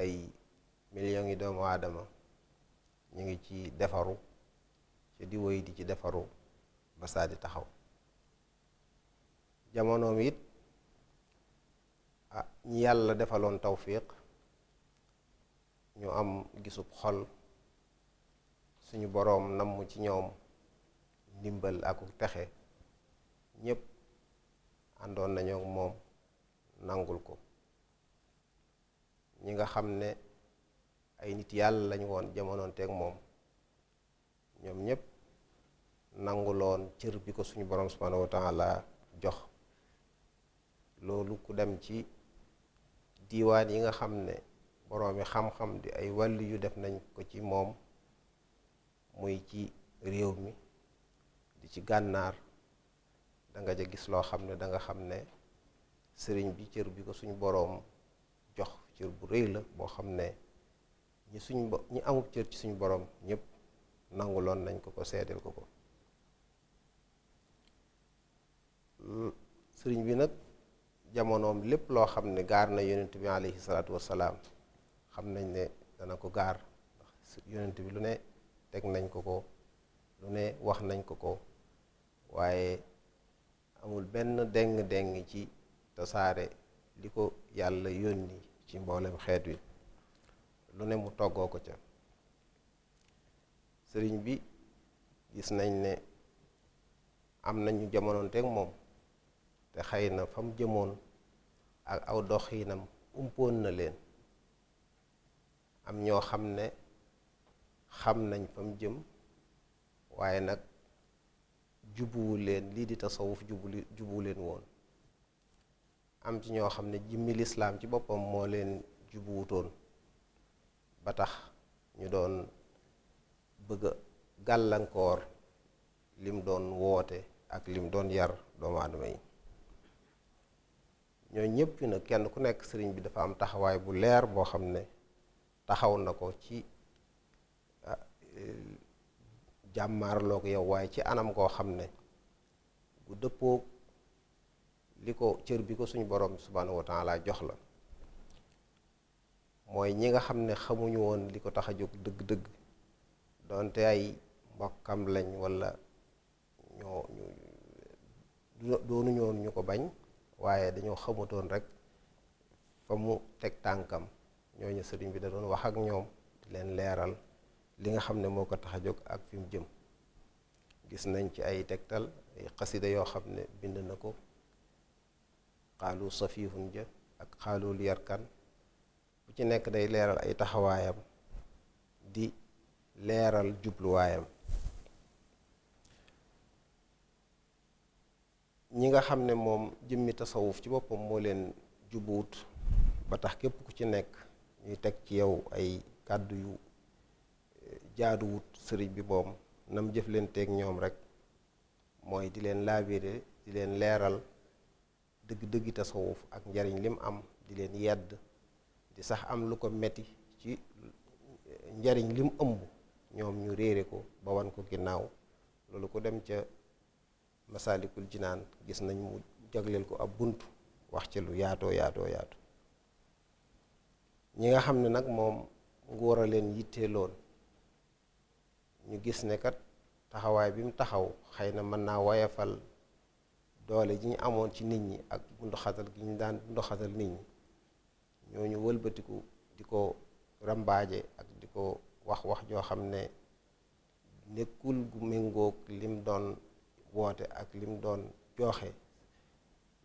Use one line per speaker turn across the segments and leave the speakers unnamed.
ay millions yi doomu aadama ñu ngi ci defaru ci di woy di ci defaru ba saa di taxaw jamonoom it ah ñi yàlla defaloon tawfiq ñu am gisub xol suñu boroom namm ci ñoom ndimbal ak texe ñépp àndoon nañu moom nangul ko ñi nga xam ne ay nit yàlla lañu woon jamonoonteeg moom ñoom ñépp nanguloon cër bi ko suñu borom subhaanahu wa taala jox loolu ku dem ci diiwaan yi nga xam ne boroomi xam-xam di ay wàllu yu def nañ ko ci moom muy ci réew mi di ci gànnaar danga ja gis loo xam ne danga xam ne sëriñ bi cër bi ko suñu boroom jox cër bu rëy la boo xam ne ñi suñ ñi amub cër ci suñu borom ñëpp nanguloon nañ ko ko seedeel ko ko hmm, sëriñ bi nag jamonoom lépp loo xam ne gaar na yonent bi aleyhi salaatu wassalaam xam nañ ne dana ko gaar ndax yonent bi lu ne teg nañ ko ko lu ne wax nañ ko ko waaye amul benn deng deng ci tasaare li ko yàlla yónni ci mboolem xeet wi lu ne mu toggoo ko ca sëriñ bi gis nañ ne am nañu jamonoonteeg moom te xëy na fa mu jëmoon ak aw doxiinam umpoon na leen am ñoo xam ne xam nañ fa jëm waaye nag jubuwu leen lii di tasawuf jubu jubu leen woon am ci ñoo xam ne jimmi lislaam ci boppam moo leen jubuwutoon ba tax ñu doon bëgga gàllankoor lim doon woote ak lim doon yar doomu aadama yi ñoo ñëpp nag kenn ku nekk sëriñ bi dafa am taxawaay bu leer boo xam ne taxaw na ko ci ah, jàmmaarloo ko yow waaye ci anam koo xam ne bu dëppoo li ko cër bi ko suñu borom subhaanahu wa laa jox la mooy ñi nga xam ne xamuñu woon li ko tax a jóg dëgg-dëgg doonte ay mbokkam lañ walla ñoo ñu doonuñu woon ñu ko bañ waaye dañoo xamutoon rek fa mu teg tànkam ñooñu sëriñ bi da wax ak ñoom leen leeral li nga xam ne moo ko tax a jóg ak fi mu jëm gis nañ ci ay tegtal ay xasida yoo xam ne bind na ko xaalu safihun ja ak xaalu yarkan bu ci nekk day leeral ay taxawaayam di leeral jubluwaayam ñi nga xam ne moom jëmmi tasawuf ci boppam moo leen jubuwut ba tax képp ku ci nekk ñuy teg ci yow ay kàddu yu eh, jaaduwut sëriñ bi moom nam jëf leen teeg ñoom rek mooy di leen laabire di leen leeral dëgg-dëggi tasawuf ak njariñ lim am di leen yàdd di sax am lu ko metti ci njariñ lim ëmb ñoom ñu réere ko ba wan ko ginnaaw loolu ko dem ca masaalikul jinaan gis nañ mu jagleel ko ab bunt wax ci lu yaatoo yaatoo yaatu ñi nga xam ne nag moom nguur a leen yittee loon ñu gis ne kat taxawaay bi mu taxaw xëy na mën naa wayafal doole ji ñu amoon ci nit ñi ak bunduxatal gi ñu daan bunduxatal nit ñi ñooñu wëlbatiku di ko rambaaje ak di ko wax wax joo xam ne nekkul gu méngoog lim doon woote ak lim doon jooxe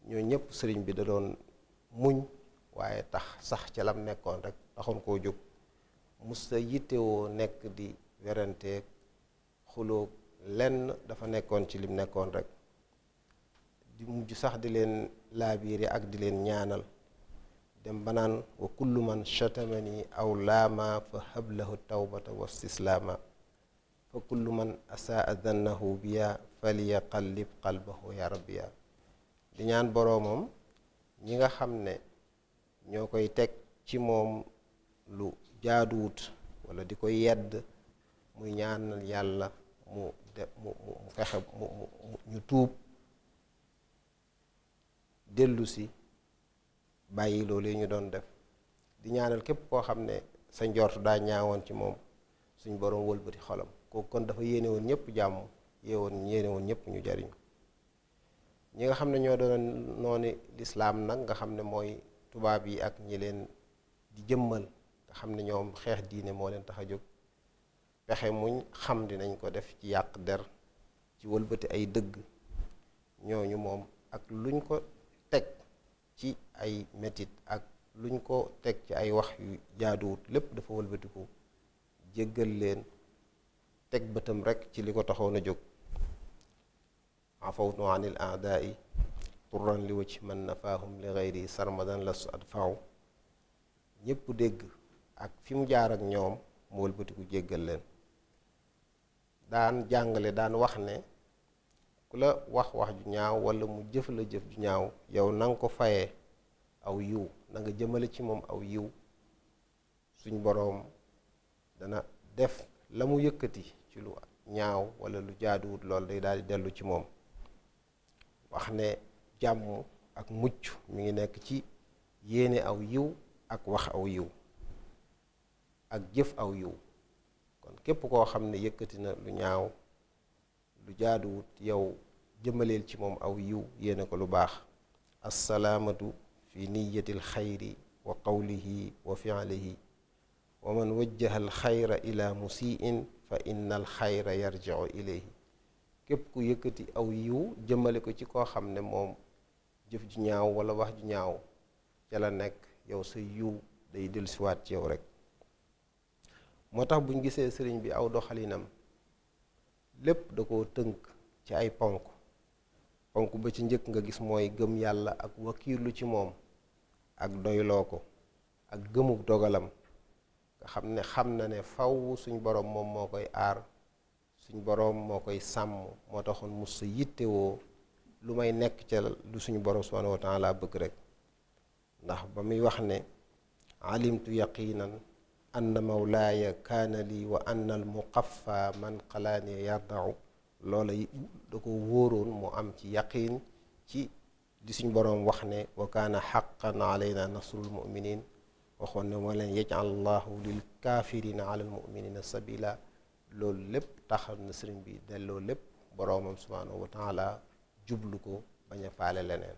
ñoo ñëpp sëriñ bi da doon muñ waaye tax sax ca lam nekkoon rek taxoon koo jóg musta yittewoo nekk di weranteeg xuloog lenn dafa nekkoon ci lim nekkoon rek di mujj sax di leen laabiire ak di leen ñaanal dem banaan wa kullu man chatamani aw laama fa hablahu tawbata wa stislaama fa kullu man asaa dannahu biya faliyaqallib qalbahu ya rabbiya di ñaan boroomam ñi nga xam ne ñoo koy teg ci moom lu jaaduwut wala di koy yedd muy ñaanal yàlla mu de mu mu fexe mu ñu tuub dellusi bàyyi loolu yi ñu doon def di ñaanal képp koo xam ne sa njort daa ñaawoon ci moom suñ borom wëlbati xolam kooku kon dafa yéenewoon woon ñëpp jàmm yée woon yéene woon ñëpp ñu jariñ ñi nga xam ne ñoo doon noonu lislaam nag nga xam ne mooy tubaab yi ak ñi leen di jëmmal nga xam ñoom xeex diine moo leen tax a jóg pexe muñ xam dinañ ko def ci yàq der ci wëlbati ay dëgg ñooñu moom ak luñ ko teg ci ay metit ak luñ ko teg ci ay wax yu jaaduwut lépp dafa wëlbatiku jéggal leen teg bëtam rekk ci li ko taxoon a jóg afawtu anil aadaai turan li wacc man nafaahum li gayri sarmadan lastu adfaaw ñépp dégg ak fi mu jaar ak ñoom mu wëlbatiku jéggal leen daan jàngale daan wax ne ku la wax wax ju ñaaw walla mu jëf la jëf ju ñaaw yow nanga nga ko fayee aw yiw nanga jëmale ci moom aw yiw suñ boroom dana def la mu yëkkati ci lu ñaaw wala lu jaaduwut lool day daal di dellu ci moom wax ne jàmm ak mucc mi ngi nekk ci yéene aw yiw ak wax aw yiw ak jëf aw yiw kon képp koo xam ne yëkkati na lu ñaaw lu jaaduwut yow jëmaleel ci moom aw yiw yéene ko lu baax assalaamatu fi niyati alxayri wa qawlihi wa fialihi wa man wajjaha alxayra ila musiin fa inna alxayra yarjiu ilayhi képp ku yëkkati aw yiw jëmale ko ci koo xam ne moom jëf ju ñaaw wala wax ju ñaaw ca la nekk yow sa yiw day dellusiwaat ci yow rek moo tax buñ gisee sëriñ bi aw doxalinam lépp da ko tënk ci ay ponk ponk ba ci njëkk nga gis mooy gëm yàlla ak wakiirlu ci moom ak doyloo ko ak gëmuk dogalam nga xam ne xam na ne faw suñ boroom moom moo koy aar suñ boroom moo koy sàmm moo taxoon mus sa yittewoo lu may nekk ca lu suñu boroom subhaanahu wa taala bëgg rek ndax ba muy wax ne alimtu yaqinan anna mawlaaya kaana lii wa anna al muqaffa man qalaani yardau loola da ko wóoroon mu am ci yaqiin ci di suñ boroom wax ne wa kaana xaqan alayna nasrul muminin waxoon ne walan yajal allahu lil kaafirina ala al muminina sabila loolu lépp taxal na sëriñ bi delloo lépp boroomam subhaanahu wa taala jublu ko bañ a faale leneen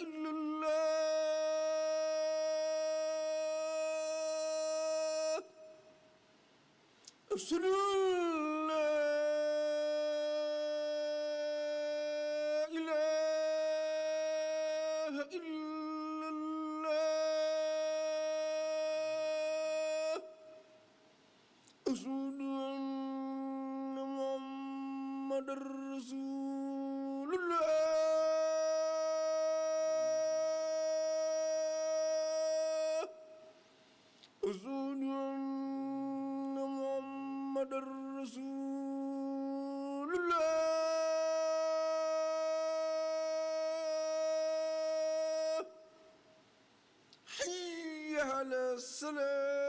إلا الله أشهد أن لا إله إلا على السلام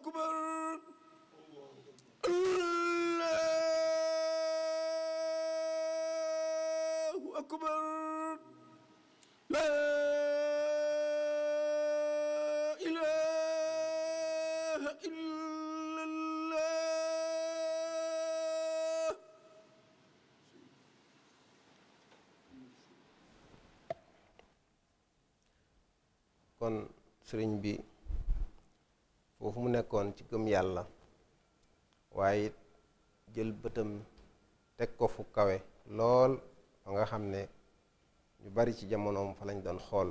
أكبر الله أكبر لا إله إلا الله kon sëriñ bi foofu mu nekkoon ci gëm yàlla waaye jël bëtam teg ko fu kawe lool ba nga xam ne ñu bari ci jamonoom fa lañ doon xool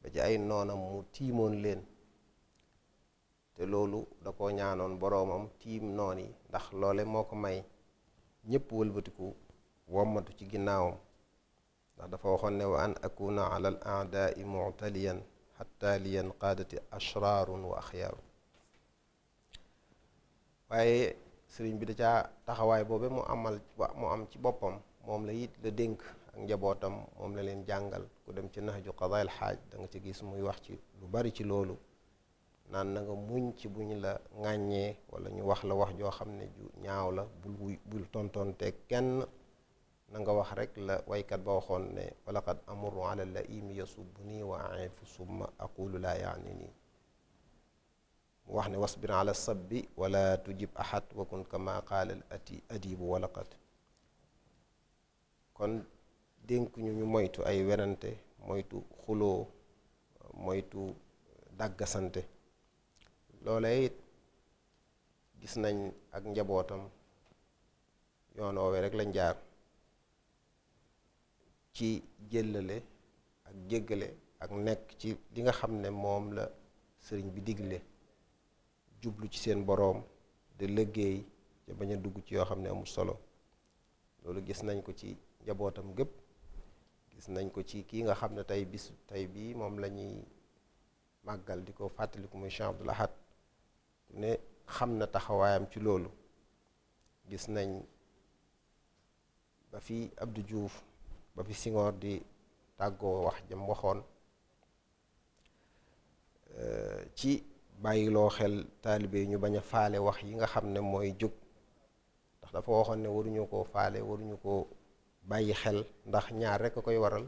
ba ci ay noonam mu tiimoon leen te loolu da ko ñaanoon boroomam tiim noon yi ndax loole moo ko may ñépp wëlbatiku womatu ci ginnaawam ndax dafa waxoon ne wa an akuna ala al aadaai mu'taliyan xatta liyan qaadati ashrarun wa axyaaru waaye sëriñ bi da caa taxawaay boobe mu amal mu am ci boppam moom la it la dénk ak njabootam moom la leen jàngal ku dem ci naxju qadaayil xaaj da nga ci gis muy wax ci lu bari ci loolu naan nanga nga muñ ci bu la ŋàññee wala ñu wax la wax joo xam ne ju ñaaw la bul wuy bul tontonte kenn nanga wax rek la waykat ba waxoon ne walaqad amuru ala la imi bu nii wa fu summa aqulu laa yaani nii mu wax ne wasbir ala sabbi wala tujib ahad wa kun kama qaala al ati adibu walaqat kon dénk ñu moytu ay werante moytu xuloo moytu dàggasante loola it gis nañ ak njabootam yoonoowe rek lañ jaar ci jëllale ak jéggale ak nekk ci li nga xam ne moom la sëriñ bi digle jublu ci seen boroom di liggéey te bañ a dugg ci yoo xam ne amul solo loolu gis nañ ko ci njabootam gépp gis nañ ko ci kii nga xam ne tey bis tey bii moom lañuy màggal di ko fàttaliku muy Cheikh Abdoul Ahad ku ne xam na taxawaayam ci loolu gis nañ ba fi Abdou Diouf ba fi Senghor di tàggoo wax jëm waxoon euh, ci bàyyiloo xel taalibe yi ñu bañ a faale wax yi nga xam ne mooy jóg ndax dafa waxoon ne waruñoo koo faale waruñu ko bàyyi xel ndax ñaar rekk a koy waral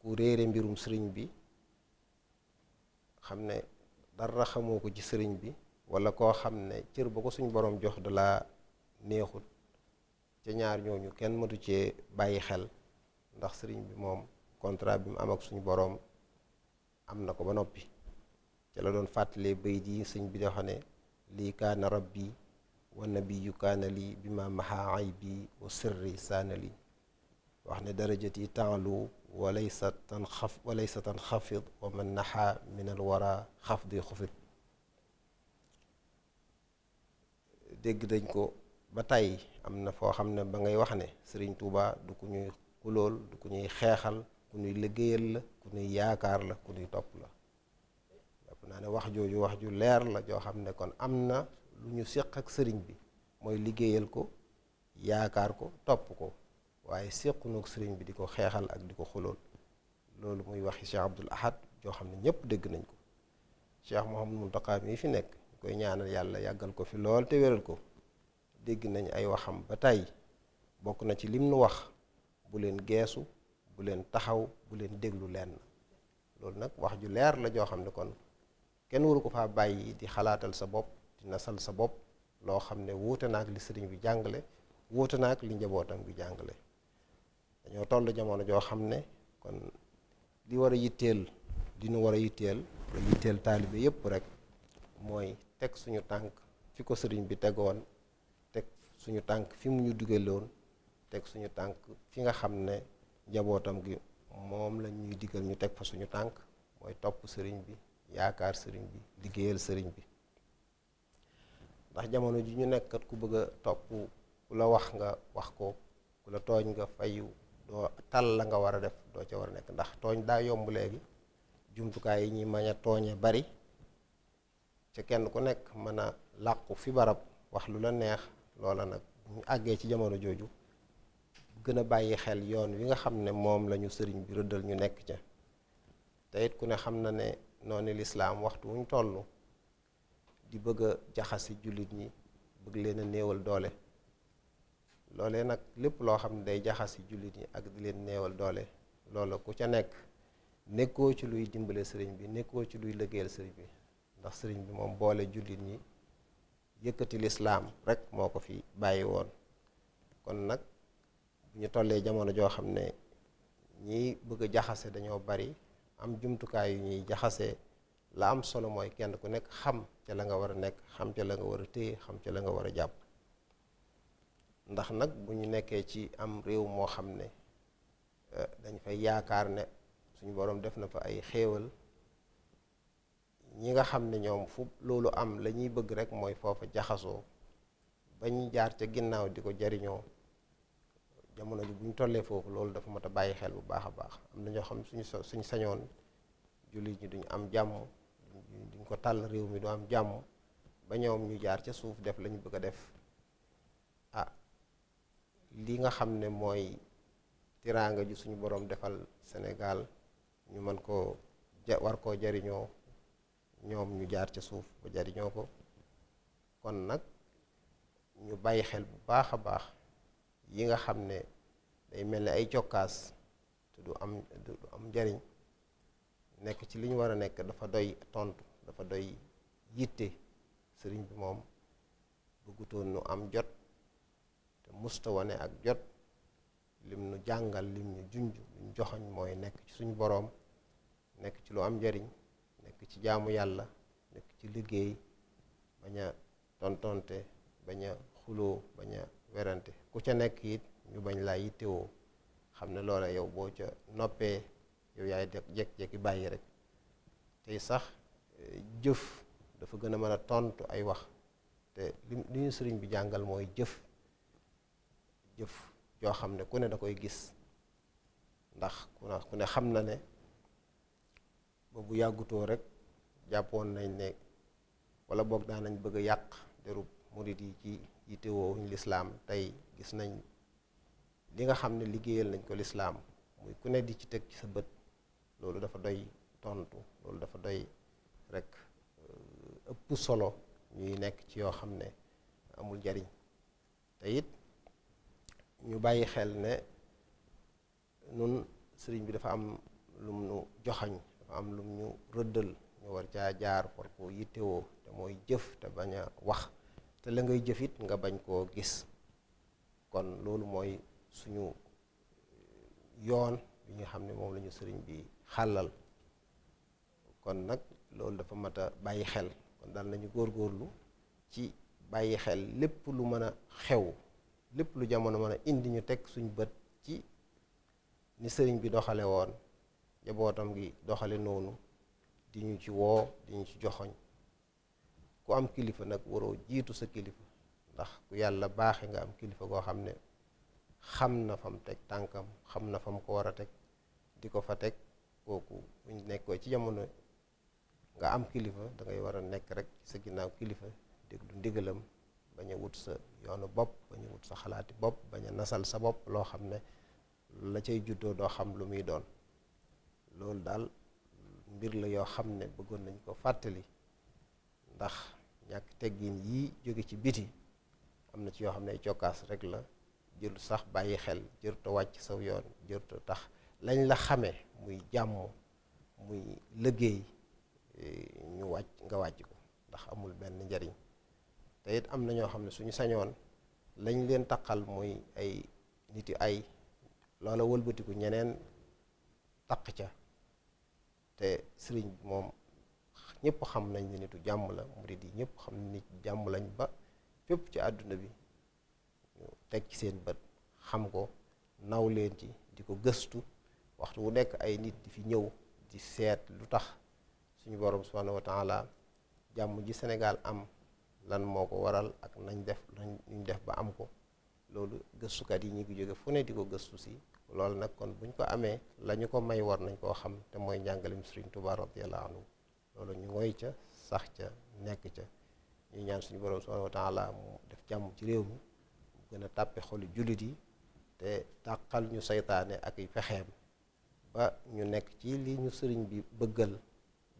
ku réere mbirum sëriñ bi xam ne dara xamoo ko ci sëriñ bi walla koo xam ne cër ba ko suñ boroom jox da laa neexut ca ñaar ñooñu kenn matu cee bàyyi xel ndax sëriñ bi moom contrat bi mu am ak suñu boroom am na ko ba noppi ca la doon fàttalee bay di sëñ bi dafa ne lii kaana rabbi wa nabiyu kaana lii bi ma maxaay bi wa sirri saana li wax ne darajat yi taalu walaysa tan xaf walaysa tan xafid wa man naxaa min al wara xafdi xufid dégg dañ ko ba tey am na foo xam ne ba ngay wax ne sëriñ Tuubaa du ku ñuy xulool du ku ñuy xeexal ku ñuy liggéeyal la ku ñuy yaakaar la ku ñuy topp la xam naa ne wax jooju wax ju leer la joo xam ne kon am na lu ñu séq ak sëriñ bi mooy liggéeyal ko yaakaar ko topp ko waaye séqunook sëriñ bi di ko xeexal ak di ko xulool loolu muy waxi Cheikh Abdoul Ahad joo xam ne ñëpp dégg nañ ko Cheikh Mouhamadou Mountakha mii fi nekk ñu koy ñaanal yàlla yàggal ko fi lool te wéral ko dégg nañ ay waxam ba tey bokk na ci lim nu wax bu leen geesu bu leen taxaw bu leen déglu lenn loolu nag wax ju leer la joo xam ne kon kenn waru ko faa bàyyi di xalaatal sa bopp di nasal sa bopp loo xam ne wuute naag li sëriñ bi jàngale wuute naag li njabootam bi jàngale dañoo toll jamono joo xam ne kon li war a yitteel di nu war a yitteel war a yitteel taalibe yépp rek mooy teg suñu tànk fi ko sëriñ bi tegoon teg suñu tànk fi mu ñu digaloon teg suñu tànk fi nga xam ne njabootam gi moom la ñuy digal ñu teg fa suñu tànk mooy topp sëriñ bi yaakaar sëriñ bi liggéeyal sëriñ bi ndax jamono ji ñu nekkat ku bëgg a topp ku la wax nga wax ko ku la tooñ nga fayu doo tal la nga war a def doo ca war a nekk ndax tooñ daa yomb léegi jumtukaay yi ñuy mañ a tooñe bari ca kenn ku nekk mën a làqu fi barab wax lu la neex loola nag ñu àggee ci jamono jooju gën a bàyyi xel yoon wi nga xam ne moom lañu sëriñ bi rëddal ñu nekk ca te ku ne xam na ne noonu lislaam waxtu wuñ toll di bëgg a jaxasi jullit ñi bëgg leen néewal doole loole nag lépp loo xam ne day jaxasi jullit yi ak di leen néewal doole loola ku ca nekk nekkoo ci luy dimbale sëriñ bi nekkoo ci luy liggéeyal sëriñ bi ndax sëriñ bi moom boole jullit ñi yëkkati lislaam rek moo ko fi bàyyi woon kon nag bu ñu tollee jamono joo xam ne ñiy bëgg jaxase dañoo bari am jumtukaay yu ñuy jaxasee la am solo mooy kenn ku nekk xam ca la nga war a nekk xam ca la nga war a téye xam ca la nga war a jàpp ndax nag bu ñu nekkee ci am réew moo xam ne eh, dañ fay yaakaar ne suñu boroom def na fa ay xéewal ñi nga xam ne ñoom fu loolu am la ñuy bëgg rekk mooy foofa jaxasoo bañ jaar ca ginnaaw di ko jariñoo jamono ji bu ñu tollee foofu loolu dafa mat a bàyyi xel bu baax a baax am na ñoo xam suñu suñu sañoon jullit ñi duñu am jàmm duñ ko tàll réew mi du am jàmm ba ñoom ñu jaar ca suuf def lañu bëgg a def ah li nga xam ne mooy tiraanga ju suñu boroom defal Sénégal ñu mën koo ja koo jariñoo ñoom ñu jaar ca suuf ba jariñoo ko kon nag ñu bàyyi xel bu baax a baax yi nga xam ne day mel ni ay cokkaas te du am du am njariñ nekk ci li ñu war a nekk dafa doy tontu dafa doy yitte sëriñ bi moom bëggutoon nu am jot te musta wane ak jot lim nu jàngal lim nu junj lim joxoñ mooy nekk ci suñu boroom nekk ci lu am njariñ nekk ci jaamu yàlla nekk ci liggéey bañ a tontonte bañ a xuloo bañ a werante ku ca nekk it ñu bañ laa yittewoo xam ne loole yow boo ca noppee yow yaay def jekk-jekki bàyyi rek tey sax eh, jëf dafa gën a mën a tontu ay wax te li ñu sëriñ bi jàngal mooy jëf jëf joo xam ne ku ne da koy gis ndax ku ne xam na ne boobu yàggutoo rek jàppoon nañ ne walla boog daan nañ bëgg a yàq derub murit yi ci yittewoo wuñ lislaam tey gis nañ li nga xam ne liggéeyal nañ ko lislaam muy ku ne di ci teg ci sa bët loolu dafa doy tontu loolu dafa doy rekk euh, ëpp solo ñuy nekk ci yoo xam ne amul njariñ te it ñu bàyyi xel ne nun sëriñ bi dafa am lum nu joxañ dafa am lum ñu rëddal ñu war caa jaar war koo yittewoo te mooy jëf te bañ a wax te la ngay jëfit nga bañ koo gis kon loolu mooy suñu yoon bi nga xam ne moom lañu sëriñ bi xàllal kon nag loolu dafa mat a bàyyi xel kon daal nañu góor góorlu ci bàyyi xel lépp lu mën a xew lépp lu jamono mën a indi ñu teg suñu bët ci ni sëriñ bi doxale woon njabootam gi doxale noonu di ñu ci woo di ñu ci joxoñ ku am kilifa nag waroo jiitu sa kilifa ndax ku yàlla baaxe nga am kilifa goo xam ne xam na fam teg tànkam xam na fa mu ko war a teg di ko fa teg kooku buñ nekkoo ci jamono nga am kilifa dangay war a nekk rek sa ginnaaw kilifa déglu ndigalam bañ a wut sa yoonu bopp bañ a wut sa xalaati bopp bañ a nasal sa bopp loo xam ne la cay juddoo doo lu muy doon loolu daal mbir la yoo xam ne bëggoon nañ ko fàttali ndax ñàkk teggin yi jóge ci biti am na ci yoo xam ne ay cokkaas rek la jël sax bàyyi xel jërta wàcc saw yoon jërta tax lañ la xamee muy jàmm muy liggéey eh, ñu wàcc nga wàcc ko ndax amul benn njariñ te it am na ñoo xam ne suñu sañoon lañ leen taqal muy ay nit niti ay loola walbatiku ñeneen taq ca te sëriñ bi moom ñëpp xam nañ ne nitu jàmm la murid yi ñëpp xam ne nit jàmm lañ ba fépp ci àdduna bi teg ci seen bët xam ko naw leen ci di ko gëstu waxtu wu nekk ay nit di fi ñëw di seet lu tax suñu borom subhanahu wa taala jàmm ji Sénégal am lan moo ko waral ak nañ def nañ def ba am ko loolu gëstukat yi ñu ngi jóge foo ne di ko gëstu si loolu nag kon buñ ko amee lañu ko may war nañ koo xam te mooy njàngalem Sëriñ Tuubaa radiyallaahu anhu loolu ñu ngoy ca sax ca nekk ca ñu ñaan suñu borom subhanahu wa taala def jàmm ci réew mi gën a tàppe xolu jullit yi te tàqal ñu saytaane ak i fexeem ba ñu nekk ci li ñu sëriñ bi bëggal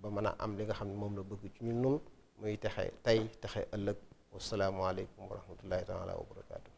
ba mën a am li nga xam ne moom la bëgg ci ñu nun muy texe tey texe ëllëg wasalaamualeykum wa rahmatullahi taala wa barakaatu